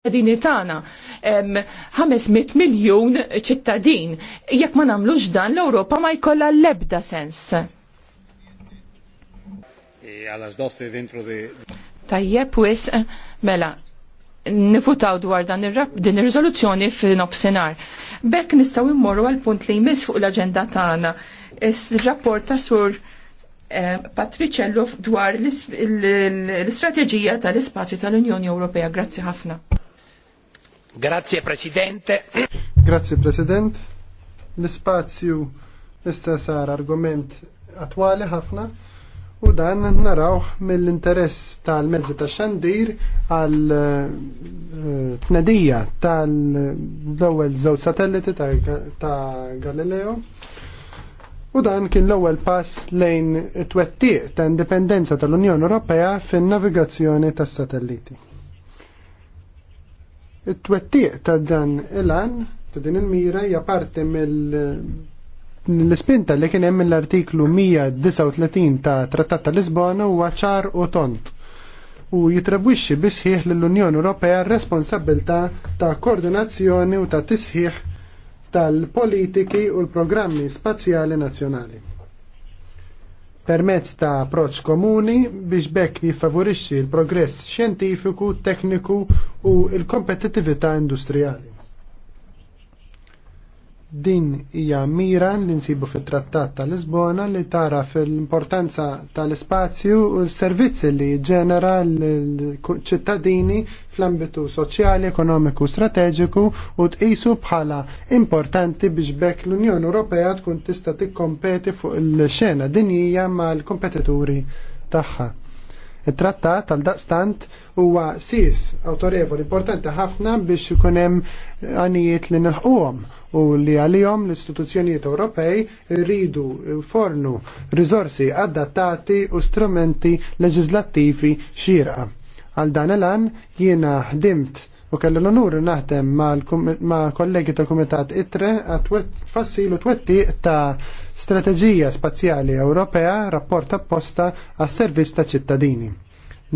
ċittadini tagħna 500 miljun ċittadin. Jekk ma nagħmlux dan l-Ewropa ma jkollha l-ebda sens. E Tajjeb wis mela nifutaw dwar dan din ir-riżoluzzjoni f'nofsinhar. Bekk nistgħu immorru għal punt li jmiss fuq l-aġenda tagħna. Is-rapport ta' sur eh, Patriċello dwar l-istrateġija tal-ispazju tal-Unjoni Ewropea. Grazzi ħafna. Grazie Presidente. Grazie President. L-ispazju issa sar argument attwali ħafna u dan naraw mill-interess tal-mezzi ta' xandir għal eh, tnedija tal-ewwel żewġ satelliti ta' Galileo. U dan kien l-ewwel pass lejn it-twettiq ta' indipendenza tal-Unjoni Ewropea fin-navigazzjoni tas-satelliti it-twettiq ta' dan il-an, ta' din il-mira, hija parti mill-spinta li kien hemm l-artiklu 139 ta' Trattat ta' Lisbona huwa ċar u tont u jitrebwixxi bisħiħ lill-Unjoni Ewropea r-responsabilità ta' koordinazzjoni u ta' tisħiħ tal-politiki u l-programmi spazjali nazzjonali. Permezz ta' approċċ komuni biex bekk jiffavorixxi l-progress xjentifiku, tekniku u l kompetitività industrijali. Din hija mira li nsibu fit-Trattat ta' Lisbona li tara fil-importanza tal-ispazju u l-servizzi li ġenera l-ċittadini fl-ambitu soċjali, ekonomiku, strateġiku u tqisu bħala importanti biex bekk l-Unjoni Ewropea tkun tista' tikkompeti fuq il-xena dinjija mal-kompetituri tagħha Il-trattat tal-daqstant huwa sis autorevoli importanti ħafna biex ikun hemm għanijiet li nilħquhom u li għalihom l-istituzzjonijiet Ewropej rridu fornu riżorsi adattati u strumenti leġislattivi xierqa. Għal dan elan jiena ħdimt u kellu l-onur naħdem ma' kollegi tal-Kumitat ITRE għat tfassilu twetti ta' Strategija Spazjali Ewropea rapport apposta għas servizz ta' ċittadini.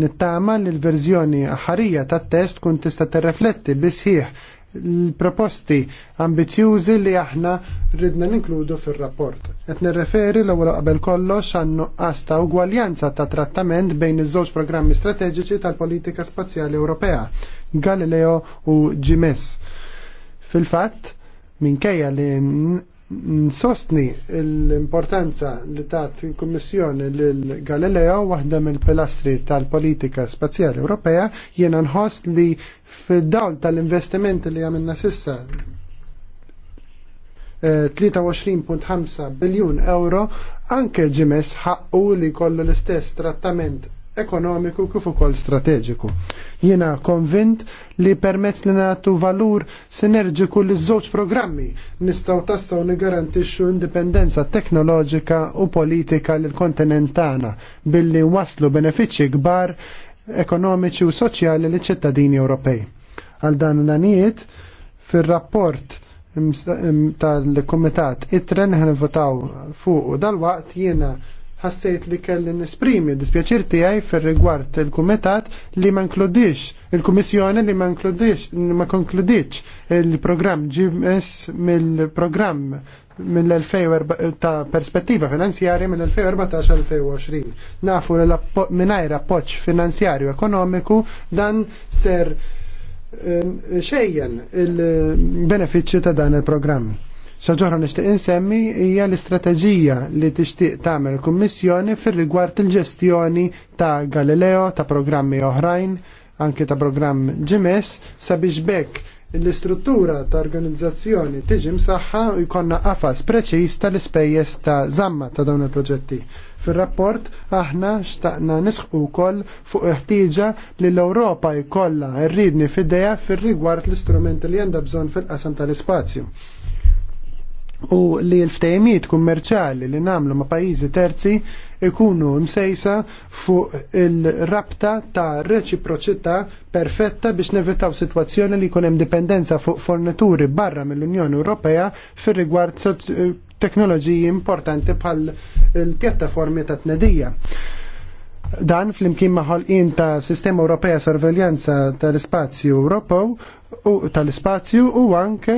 Nittama li l-verżjoni ħarija tat test kun tista' terrefletti bisħiħ l-proposti ambizjużi li aħna ridna ninkludu fil-rapport. Et nirreferi l ewwel qabel kollox għannu għasta ugwaljanza ta' trattament bejn iż-żewġ programmi strateġiċi tal-politika spazjali Ewropea, Galileo u GMS. Fil-fatt, minkejja li Nsostni l-importanza li tat il-Kummissjoni l-Galileo waħda mill-pilastri tal-politika spazjali Ewropea jiena nħoss li f'dawl dawl tal-investimenti li għamilna sissa 23.5 eh, biljun euro anke ġimes ħaqqu li kollu l-istess trattament ekonomiku kif ukoll strateġiku. Jiena konvint li permezz li nagħtu valur sinerġiku li żewġ programmi nistgħu tassaw nigarantixxu indipendenza teknoloġika u politika lil kontinentana billi waslu benefiċċji kbar ekonomiċi u soċjali li ċittadini Ewropej. Għal dan l-anijiet, fil-rapport tal-Komitat itren tren ħan votaw fuq u dal-waqt jiena ħassejt li kelli nesprimi dispjaċir tiegħi fir-rigward il-kumitat li ma nkludix il-kummissjoni li ma nkludix ma konkludix il-programm GMS mill-programm mill 2014 ta' perspettiva finanzjarja mill-2014-2020. Nafu li mingħajr appoġġ finanzjarju ekonomiku dan ser eh, xejjen il-benefiċċju ta' dan il-programm ċaġoħra nishtiq insemmi hija l-istrateġija li tixtieq tagħmel kummissjoni fir-rigward il-ġestjoni ta' Galileo, ta' programmi oħrajn, anke ta' programm GMS, sabiex bekk l-istruttura ta' organizzazzjoni tiġi msaħħa u jkollna qafas preċiż tal-ispejjeż ta' zamma ta' dawn il-proġetti. Fir-rapport aħna xtaqna nisħu wkoll fuq ħtieġa li l-Ewropa jkollha rridni fideja fir-rigward l-istrumenti li għandha bżonn fil-qasam tal-ispazju u li l-ftejmiet kummerċali li namlu ma' pajizi terzi ikunu msejsa fuq il-rabta ta' reċiproċità perfetta biex nevitaw situazzjoni li kunem dipendenza fuq fornituri barra mill-Unjoni Ewropea fir rigward teknoloġiji importanti bħal il-pjattaformi ta' tnedija. Dan fl-imkien maħolqin ta' Sistema Ewropea Sorveljanza tal-Ispazju Ewropew u tal-Ispazju u anke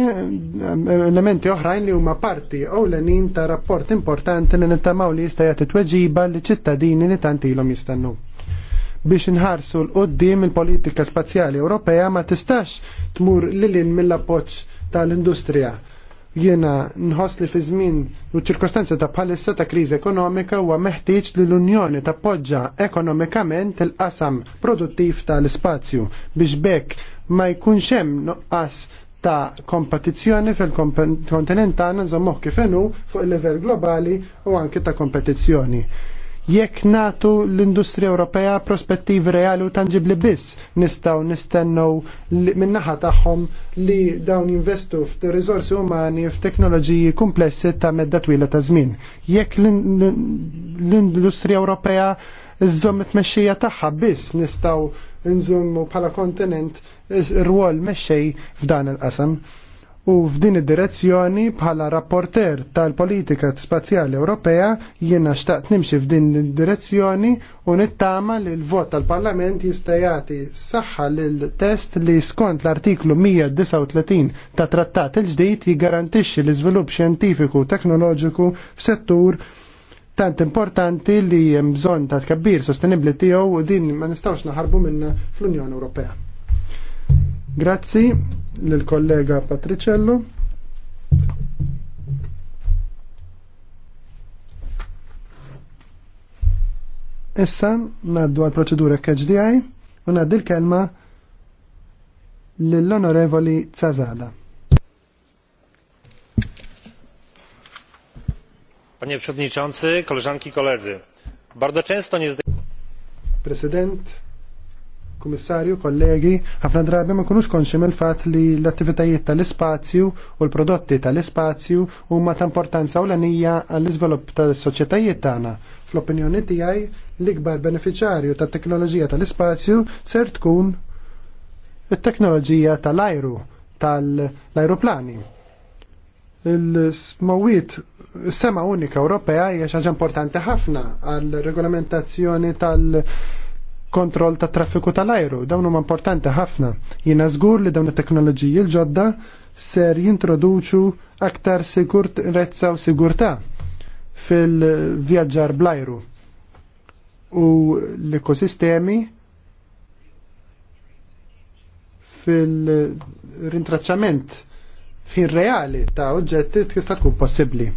elementi oħrajn li huma parti u l-enin ta' rapport importanti li nittamaw li jista' jagħti tweġiba li ċittadini li tant ilhom jistennu biex inħarsu l-qoddim il-politika spazjali Ewropea ma tistax tmur lilin mill appoġġ tal-industrija Jiena nħoss li fi żmien u ċirkostanza ta' bħalissa ta' kriżi ekonomika huwa meħtieġ li l-Unjoni tappoġġa ekonomikament il-qasam produttiv tal-ispazju biex bekk ma jkunx hemm nuqqas ta' kompetizzjoni fil-kontinent tagħna nżommuh kif inhu fuq il-livell globali u anke ta' kompetizzjoni. Jekk natu l-industrija Ewropea prospettivi reali u tangibli biss, nistaw nistennew minnaħa tagħhom li dawn jinvestu f'riżorsi umani f'teknoloġiji komplessi ta' medda twila ta' żmien. Jekk l-industrija Ewropea iżżomm it-mexxija tagħha biss nistaw nżommu bħala kontinent rwol mexxej f'dan il-qasam. U f'din id-direzzjoni bħala rapporter tal-politika spazjali Ewropea jiena xtaqt nimxi f'din id-direzzjoni u nittama li l-vot tal-Parlament jista' jagħti saħħa lil test li skont l-artiklu 139 ta' trattat il-ġdid jiggarantixxi l-iżvilupp xjentifiku u teknoloġiku f'settur tant importanti li hemm bżonn ta' tkabbir sostenibbli tiegħu u din ma nistgħux naħarbu minna fl-Unjoni Ewropea. Grazzi lil kollega Patricello. Issa naddu għal proċedura KHDI u naddu l-kelma lill-onorevoli Zazada. Panie Przewodniczący, koleżanki i koledzy. Bardzo często nie... Prezydent, Kummissarju, kollegi, ħafna drabi ma kunux konxim il fat li l-attivitajiet tal-ispazju u l-prodotti tal-ispazju huma ta' importanza l-anija għall-iżvilupp tal soċjetajiet tagħna. Fl-opinjoni tiegħi l-ikbar beneficjarju tat teknoloġija tal-ispazju ser tkun it-teknoloġija tal-ajru tal-ajruplani. Il-smawiet sema unika Ewropea hija xi ħaġa importanti ħafna għall regolamentazzjoni tal-, -tal kontroll ta' traffiku tal-ajru. Dawn huma importanti ħafna. Jiena żgur li dawn it-teknoloġiji l-ġodda ser jintroduċu aktar sikurezza u sigurtà fil-vjaġġar bl-ajru. U l-ekosistemi fil-rintraċċament fin reali ta' oġġetti tista' tkun possibbli.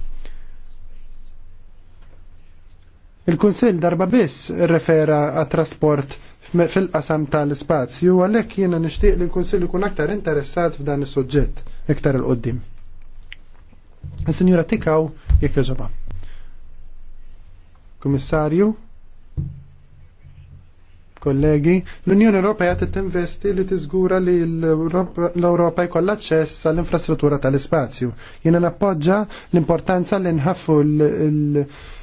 Il-Kunsill darba biss refera għat-trasport fil-qasam tal-spazju, għalhekk jiena nixtieq li l-Kunsill ikun aktar interessat f'dan is-suġġett iktar il-qoddim. signora Tikaw jekk jazoba. Kummissarju, kollegi, l-Unjoni Ewropea investi li tiżgura li l-Ewropa jkollha aċċess għall-infrastruttura tal-ispazju. Jiena nappoġġa l-importanza li nħaffu l-, -l, -l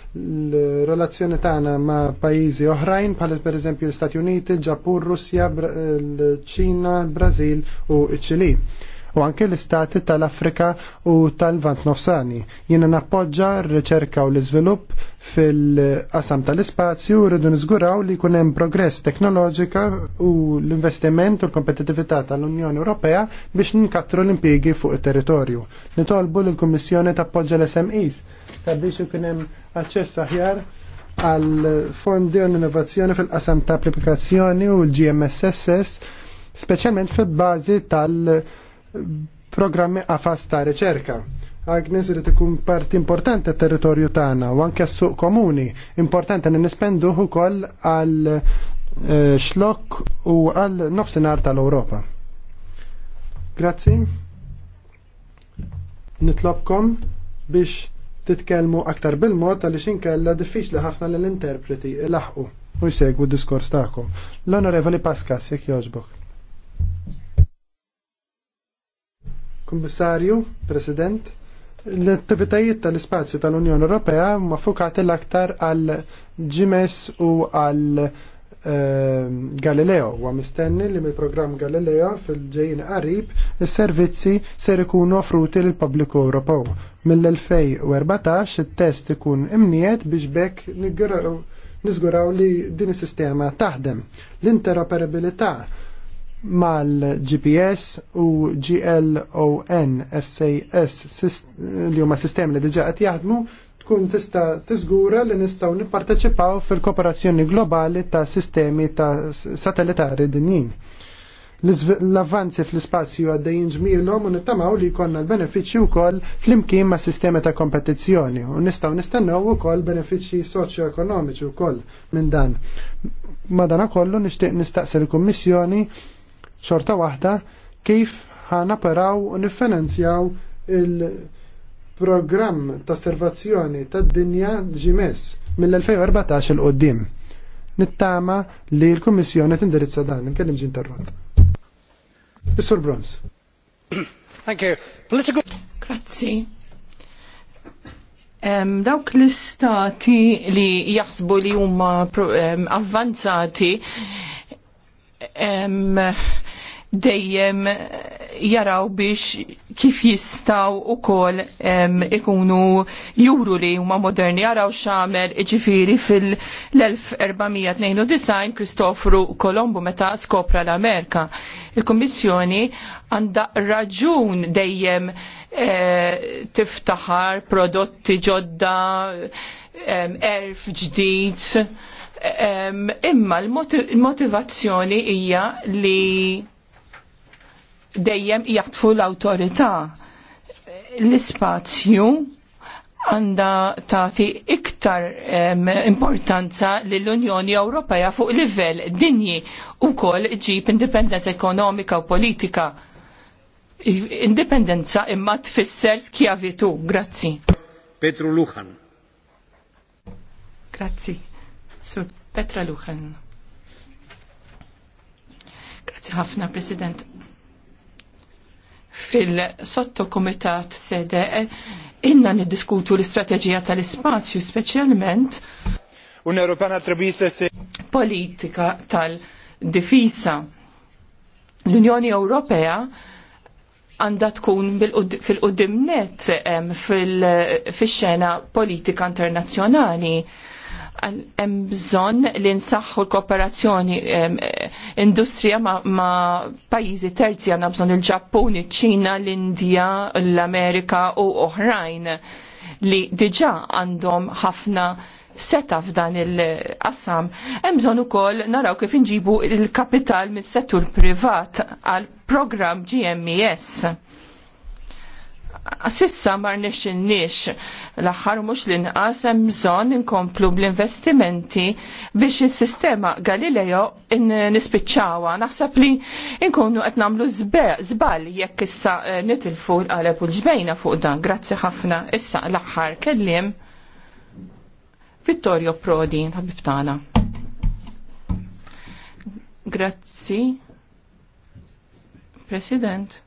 l-relazzjoni tagħna ma' pajjiżi oħrajn bħal pereżempju l-Stati Uniti, Ġappun, Russja, l-Ċina, l-Brażil u ċ-Ċili u anke l-istati tal-Afrika u tal-Vant Nofsani. Jiena nappoġġa r-riċerka u l-iżvilupp fil-qasam tal-ispazju u rridu niżguraw li jkun hemm progress teknoloġika u l-investiment u l-kompetitività tal-Unjoni Ewropea biex ninkattru l-impjiegi fuq it-territorju. Nitolbu l kummissjoni tappoġġa l-SMEs sabiex ikun hemm aċċess aħjar għal fondi u innovazzjoni fil-qasam ta' applikazzjoni u l-GMSSS speċjalment fil-bażi tal- programmi għafas ta' riċerka. Agnes li tkun parti importanti territorju tagħna u anke s-suq komuni. Importanti li nispendu ukoll għal eh, xlok u għal nofsinhar tal-Ewropa. Grazzi. Nitlobkom biex titkellmu aktar bil-mod għaliex inkella diffiċli ħafna l-interpreti laħqu u jsegwu d-diskors tagħkom. L-Onorevoli Paskas, jekk jogħġbok. Kummissarju, President, l-attivitajiet tal-ispazju tal-Unjoni Ewropea huma fukati l-aktar għal GMS u għal ehm, Galileo huwa mistenni li mill-programm Galileo fil-ġejjin qarib is-servizzi ser ikunu offruti lil pubbliku Ewropew. Mill-2014 it-test ikun imniet biex bekk niżguraw li din is-sistema taħdem. L-interoperabilità mal-GPS u GLON SAS li huma sistemi li diġa qed jaħdmu tkun tista tiżgura li nistgħu nipparteċipaw fil-kooperazzjoni globali ta' sistemi ta' satellitari dinjin. L-avvanzi fl-ispazju għaddejjin ġmielhom u nittamaw li jkollna l-benefiċċji wkoll flimkien ma' sistemi ta' kompetizzjoni u nistgħu nistennew ukoll benefiċċji soċjo-ekonomiċi wkoll minn dan. Madana kollu nixtieq nistaqsi l-Kummissjoni xorta waħda kif ħanaperaw u niffinanzjaw il-programm ta' servazzjoni tad dinja ġimess mill-2014 il qoddim Nittama li l-Kummissjoni tindirizza dan, nkellim ġin tarrot. Mr. Bruns. Thank you. Political... Grazzi. Um, dawk l-istati li jaħsbu li huma um, avvanzati um, dejjem jaraw biex kif jistaw u kol um, ikunu juru li huma moderni jaraw xamel iġifieri fil-1492 Kristofru Kolombu meta skopra l-Amerika. Il-Kommissjoni għanda raġun dejjem eh, tiftaħar prodotti ġodda, um, erf ġdid, um, imma l-motivazzjoni hija li dejjem jaqtfu l-autorità. L-ispazju għanda tati iktar um, importanza l-Unjoni Ewropea fuq livell dinji u kol ġib indipendenza ekonomika u politika. Indipendenza imma tfisser skjavitu. Grazzi. Petru Luhan. Grazzi. Sur Petra Luhan. Grazzi ħafna, President fil-sottokomitat sede inna niddiskutu l-istrateġija tal-ispazju speċjalment Un Europana se politika tal-difisa. L-Unjoni Ewropea għanda tkun fil-qudimnet fil-xena politika internazzjonali hemm bżonn li nsaħħu l-kooperazzjoni industrija ma', pajjiżi terzi għandna bżonn il-Ġappun, iċ-Ċina, l-Indja, l-Amerika u oħrajn li diġà għandhom ħafna seta f'dan il-qassam. Hemm bżonn ukoll naraw kif inġibu l kapital mis-settur privat għal programm GMES Sissa mar nix l-axar mux l-inqas hemm bżonn inkomplu bl-investimenti biex il-sistema Galileo nispiċawa. Naħseb li nkunu qed nagħmlu żball jekk issa eh, nitilfu l-qaleb u l-ġbejna fuq dan. Grazzi ħafna. Issa l-aħħar kellim Vittorio Prodi, ħabib tagħna. Grazzi. President.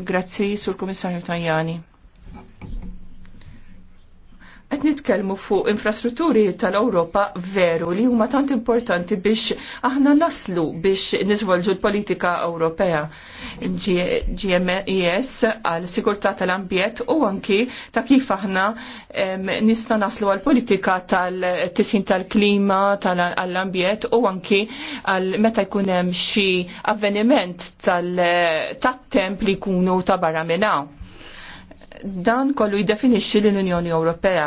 Grazzi sur Komissarju Tajani. Qed nitkellmu fuq infrastrutturi tal-Ewropa veru li huma tant importanti biex aħna naslu biex niżvolġu l-politika Ewropea. GMES għal sigurtà tal-ambjent u anki ta' kif aħna nista' naslu għal politika tal-tisin tal-klima tal-ambjent u anki għal meta jkun hemm xi avveniment tal-temp li jkunu ta' barra minn dan kollu jiddefinixxi l-Unjoni Ewropea.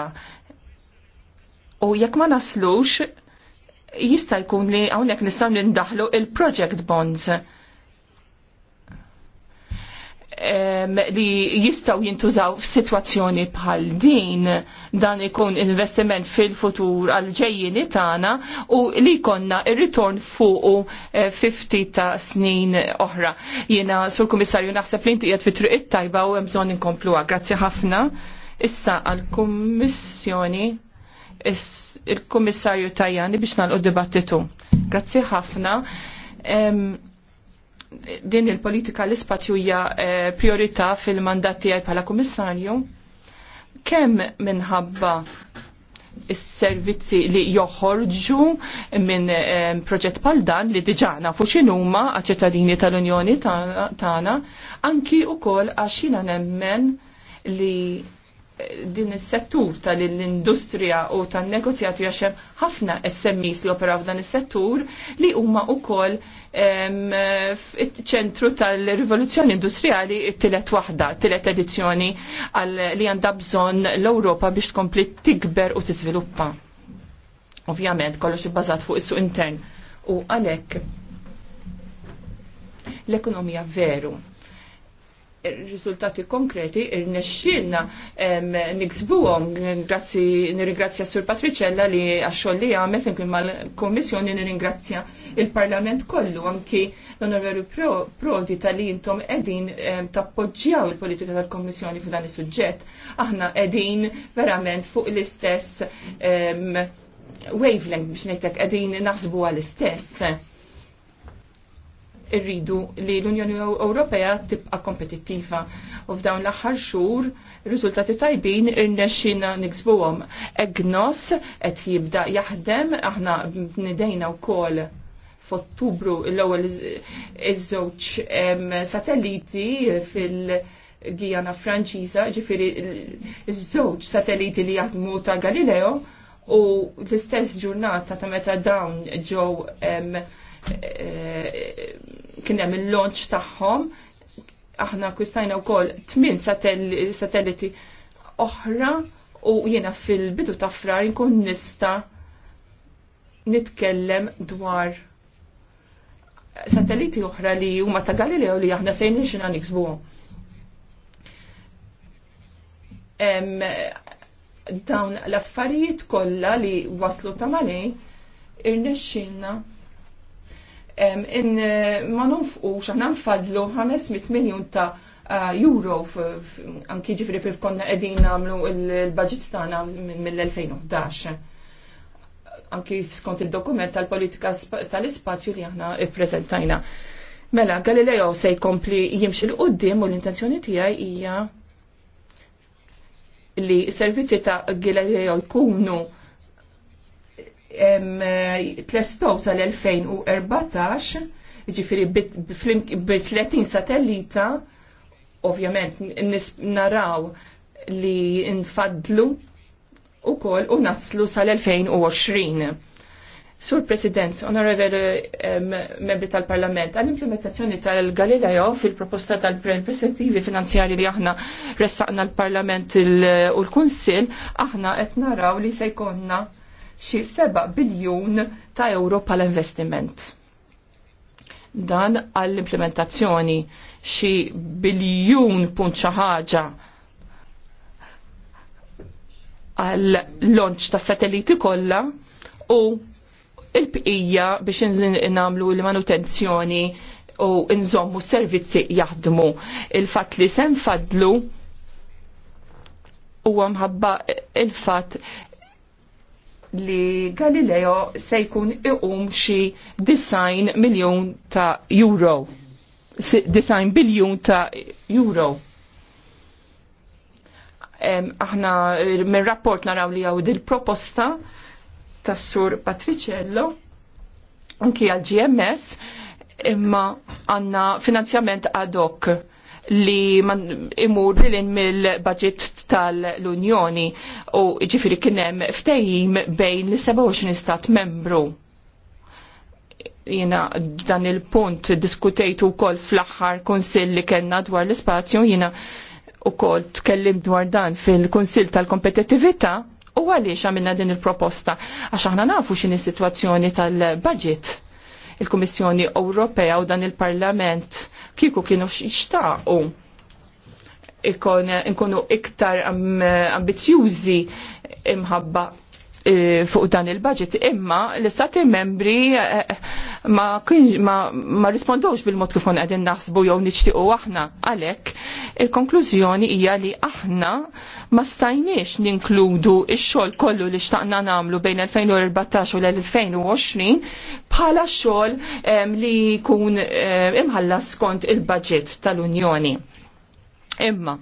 U jekk ma naslux, jista' jkun li hawnhekk nistgħu nindaħlu il-project bonds li jistaw jintużaw f'sitwazzjoni bħal din dan ikun investiment fil-futur għal-ġejjini tagħna u li konna il ritorn fuqu 50 eh, ta' snin oħra. Jiena sur komissarju, naħseb li inti qiegħed fi triq it-tajba u hemm bżonn Grazzi ħafna. Issa għal-Kummissjoni il-Kummissarju Tajani biex nal-u dibattitu. Grazzi ħafna. Um, din il-politika l-ispazju hija eh, priorità fil-mandat tiegħi bħala kummissarju. Kemm minħabba is-servizzi li joħorġu minn eh, proġett bħal dan li diġana fu x'inhuma għaċ-ċittadini tal-Unjoni tagħna anki wkoll għax jiena nemmen li din is-settur tal-industrija u tan-negozjati għax hemm ħafna SMEs li operaw f'dan is-settur li huma wkoll ċentru tal-rivoluzzjoni industrijali t-tielet waħda, t-tielet edizzjoni li għandha bżonn l-Ewropa biex tkompli tikber u tiżviluppa. Ovvjament kollox ibbażat fuq is-suq intern u għalhekk l-ekonomija veru riżultati konkreti il-nexxilna niksbuhom. Grazzi nirringrazzja Sur Patriċella li għax-xogħol li għamel flimkien mal-Kummissjoni nirringrazzja il-Parlament kollu anki l-Onorevoli Prodi tal intom qegħdin tappoġġjaw il-politika tal-Kommissjoni f'dan is-suġġett. Aħna qegħdin verament fuq l-istess wavelength biex ngħidlek qegħdin naħsbu għall-istess irridu li l-Unjoni Ewropea tibqa' kompetittiva. U f'dawn l-aħħar xhur riżultati tajbin irnexxina niksbuhom. Egnos qed jibda jaħdem aħna nidejna wkoll f'Ottubru l-ewwel iż-żewġ satelliti fil- Gijana Franċiża, ġifiri iż-żewġ satelliti li jaħdmu ta' Galileo u l-istess ġurnata ta' meta dawn ġew kien hemm il-launch tagħhom aħna kwistajna wkoll tmien satelliti oħra u jiena fil-bidu ta' frar nkun nista nitkellem dwar satelliti oħra li huma ta' Galileo li aħna sejn xina niksbu. Dawn l-affarijiet kollha li waslu ta' malej irnexxinna in eh, ma nonfqu xaħna nfadlu 500 miljon ta' eh, euro anki ġifri fif konna edin għamlu il-budget stana mill-2011 anki skont il-dokument tal-politika tal-ispazju li aħna ippreżentajna. Mela, Galileo se jkompli jimx il-qoddim u l-intenzjoni tiegħi hija li s servizzi ta' Galileo jkunu tlestow sal-2014, ġifiri b-30 satellita, ovvjament naraw li nfadlu u kol u naslu sal-2020. Sur President, onorevoli membri tal-Parlament, għall-implementazzjoni tal-Galileo fil-proposta tal-perspettivi finanzjari li aħna ressaqna l-Parlament u l-Kunsil, aħna qed naraw li se jkollna xi 7 biljun ta' euro pal investiment Dan għall-implementazzjoni xi biljun punt xi ħaġa għall lonċ ta' satelliti kollha u il-bqija biex nagħmlu l-manutenzjoni u nżommu servizzi jaħdmu. il fatt li sem fadlu u għamħabba il fatt li Galileo se jkun iqum xi design miljun ta' euro. Design biljun ta' euro. aħna minn rapport naraw li għaw il-proposta tas sur Patricello anki għal GMS imma għanna finanzjament ad hoc li imur li mill-budget tal-Unjoni u ġifiri kienem ftejim bejn l-27 stat membru. Jena dan il-punt diskutejtu kol fl-axħar konsil li kena dwar l-spazju jena u kol tkellim dwar dan fil-Konsil tal kompetitivita u għaliex għamilna din il-proposta għax aħna nafu x'in is-sitwazzjoni tal-budget il-Kummissjoni Ewropea u dan il-Parlament kieku kienu xtaqu ikon, ikonu iktar ambizjużi imħabba E, fuq dan il-budget imma l-istati membri e, e, ma, ma, ma rispondowx bil-mod kif kon qegħdin naħsbu jew nixtiequ aħna għalhekk il-konklużjoni hija li aħna ma stajniex ninkludu ix-xogħol kollu li xtaqna nagħmlu bejn 2014 u l-2020 bħala xogħol li jkun imħallas skont il-budget tal-Unjoni. Imma,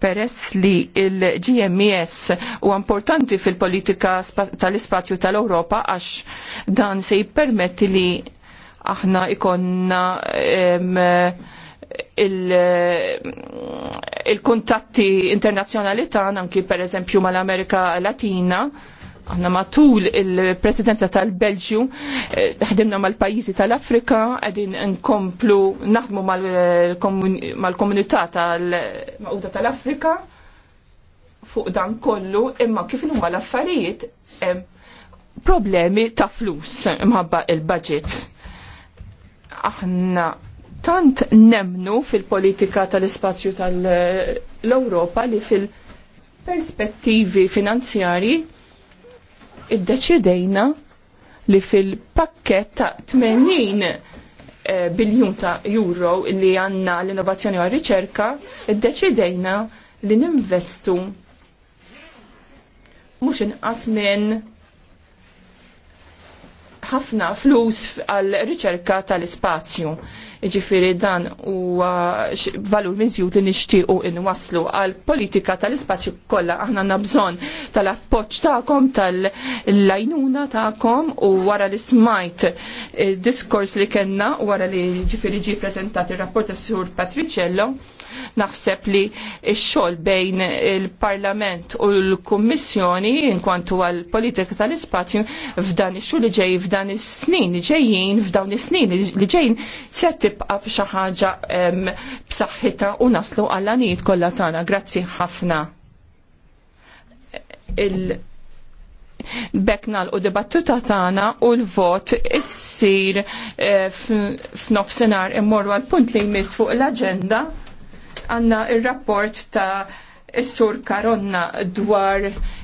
peress li il-GMES u importanti fil-politika tal-ispazju tal-Europa għax dan se jippermetti li aħna ikonna um, il-kontatti il internazzjonali tan anki per eżempju mal-Amerika Latina Aħna matul il-presidenza tal-Belġju, eh, ħdimna mal-pajjiżi tal-Afrika, għedin nkomplu naħdmu eh, mal-komunità tal-Mawda tal-Afrika fuq dan kollu, imma kif huma l-affarijiet eh, problemi ta' flus imħabba il-budget. Aħna tant nemnu fil-politika tal-ispazju tal-Europa li fil-perspettivi finanzjari iddeċidejna li fil-pakket ta' 80 eh, biljun ta' euro li għanna l-innovazzjoni u għal-riċerka, iddeċidejna li ninvestu mux inqas minn ħafna flus għal-riċerka tal-ispazju. Ġifiri dan u valur miżjud li nixtiequ waslu għal politika tal ispazju kollha aħna nabżon tal-appoġġ tagħkom tal-lajnuna tagħkom u wara li smajt diskors li kellna wara li ġifieri ġie prezentati ir-rapport tas-Sur Patricello Naħseb li x-xogħol bejn il-Parlament u l-Kummissjoni inkontu għal politika tal-ispazju f'dan ix-xogħol li ġej f'dan is-snin li ġejjin f'dawn is-snin li ġejjin se tibqa' b'xi ħaġa b'saħħitha u naslu għall anijiet kollha tagħna. Grazzi ħafna. Il bekna l dibattuta tagħna u l-vot issir eh, f'nofsinhar immorru għal punt li jmiss fuq l-aġenda għanna il-rapport ta' Sur Karonna dwar